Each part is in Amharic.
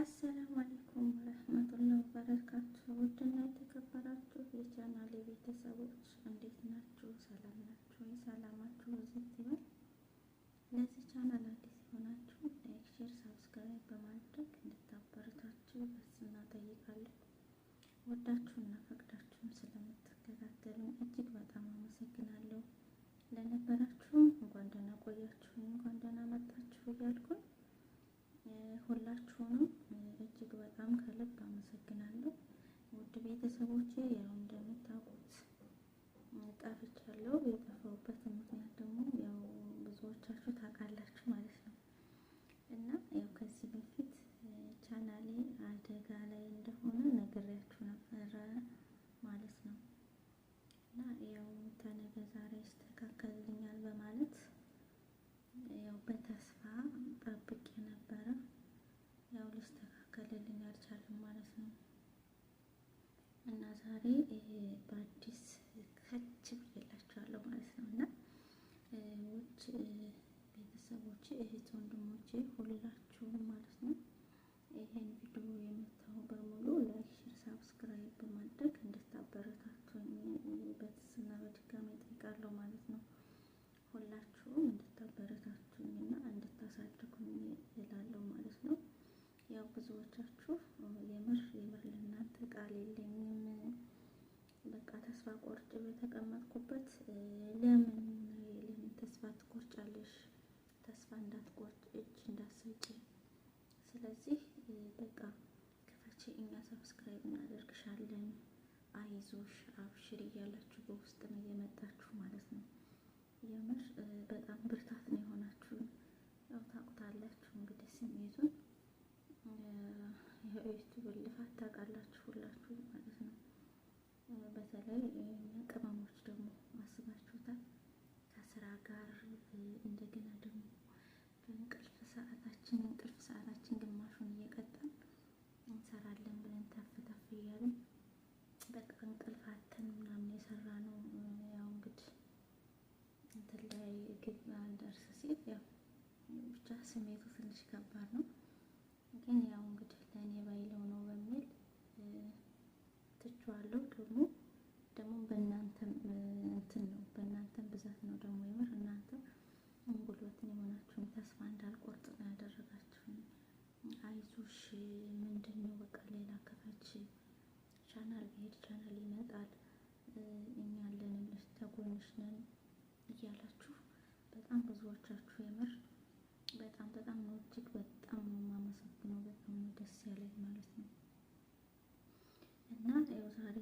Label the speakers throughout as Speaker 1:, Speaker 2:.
Speaker 1: አሰላሙ አለይኩም ወረህመቱላሂ ወበረካቱህ። ውድና የተከበራችሁ የቻናሌ ቤተሰቦች እንዴት ናችሁ? ሰላም ናችሁ? ሰላማችሁ ብዝት ይበል። ለዚህ ቻናል አዲስ የሆናችሁ ላይክ፣ ሼር፣ ሰብስክራይብ በማድረግ እንድታበረታችሁ በትህትና እጠይቃለሁ። ወዳችሁና ፈቅዳችሁም ስለምትከታተሉኝ እጅግ በጣም አመሰግናለሁ። ለነበራችሁም እንኳን ደህና ቆያችሁ፣ እንኳን ደህና መጣችሁ እያልኩኝ ሁላችሁንም እጅግ በጣም ከልብ አመሰግናለሁ። ውድ ቤተሰቦች ያው እንደምታውቁት ጠፍቻለሁ። የጠፋሁበት ምክንያት ደግሞ ያው ብዙዎቻችሁ ታውቃላችሁ። ውዶቼ ሁላችሁም ማለት ነው ይህን ቪዲዮ የምታዩ በሙሉ ላይክ፣ ሼር፣ ሳብስክራይብ በማድረግ እንድታበረታቱኝ በትህትና በድጋሚ እጠይቃለሁ ማለት ነው። ሁላችሁም እንድታበረታቱኝ እና እንድታሳድጉኝ እላለሁ ማለት ነው። ያው ብዙዎቻችሁ የምር የምር ለእናንተ ቃል የለኝም በቃ ተስፋ ቆርጬ በተቀመጥኩበት ለምን ለምን ተስፋ ትቆርጫለሽ? ተስፋ እንዳትቆርጥ፣ እጅ እንዳትሰጪ። ስለዚህ በቃ ክፈቼ እኛ ሰብስክራይብ እናደርግሻለን፣ አይዞሽ፣ አብሽር እያላችሁ በውስጥ ነው እየመጣችሁ ማለት ነው። የምር በጣም ብርታት ነው የሆናችሁ። ያው ታውቁታላችሁ እንግዲህ ስሜቱን የዩቱብ ልፋት ታውቃላችሁ ሁላችሁ ማለት ነው። በተለይ ቅመሞች ደግሞ አስባችሁታል ከስራ ጋር እንደ በእንቅልፋትን ምናምን የሰራ ነው። ያው እንግዲህ እንትን ላይ ግብ አልደርስ ሲል ያው ብቻ ስሜቱ ትንሽ ከባድ ትንሽ ነን እያላችሁ በጣም ብዙዎቻችሁ የምር በጣም በጣም ነው እጅግ በጣም ነው የማመሰግነው። በጣም ነው ደስ ያለኝ ማለት ነው እና ያው ዛሬ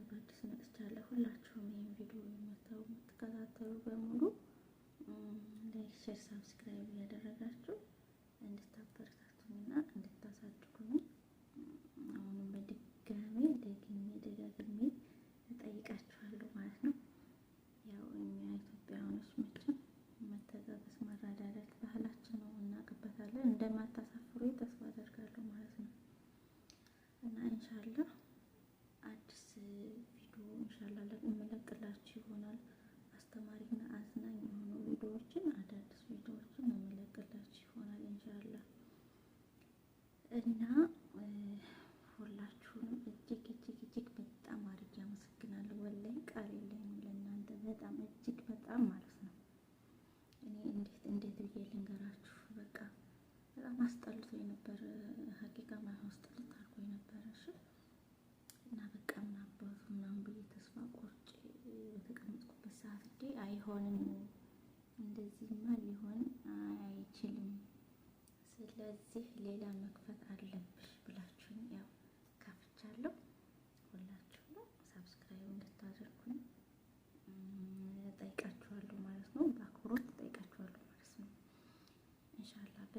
Speaker 1: እና ኢንሻላህ አዲስ ቪዲዮ ኢንሻላህ የምለቅላችሁ ይሆናል። አስተማሪና አዝናኝ የሆኑ ቪዲዮዎችን አዳዲስ ቪዲዮዎችን የምለቅላችሁ ይሆናል ኢንሻላህ እና ሁላችሁንም እጅግ እጅግ እጅግ በጣም አድርጌ አመሰግናለሁ። ወላሂ ቃል የለኝም ለእናንተ በጣም እጅግ በጣም ማለት አስጠልቶ የነበረ ሀቂቃ ማለት አስጠልቶ አድርጎ የነበረ እሺ። እና በቃ ምናባቱ ምናምን ብዬ ተስፋ ቆርጬ በተቀመጥኩበት ሰዓት እንዴ አይሆንም፣ እንደዚህማ ሊሆን አይችልም፣ ስለዚህ ሌላ መክፈት አለብሽ ብላችሁ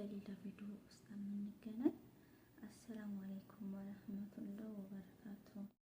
Speaker 1: በሌላ ቪዲዮ እስከምንገናኝ አሰላሙ አለይኩም ወረህመቱላህ ወበረካቱ።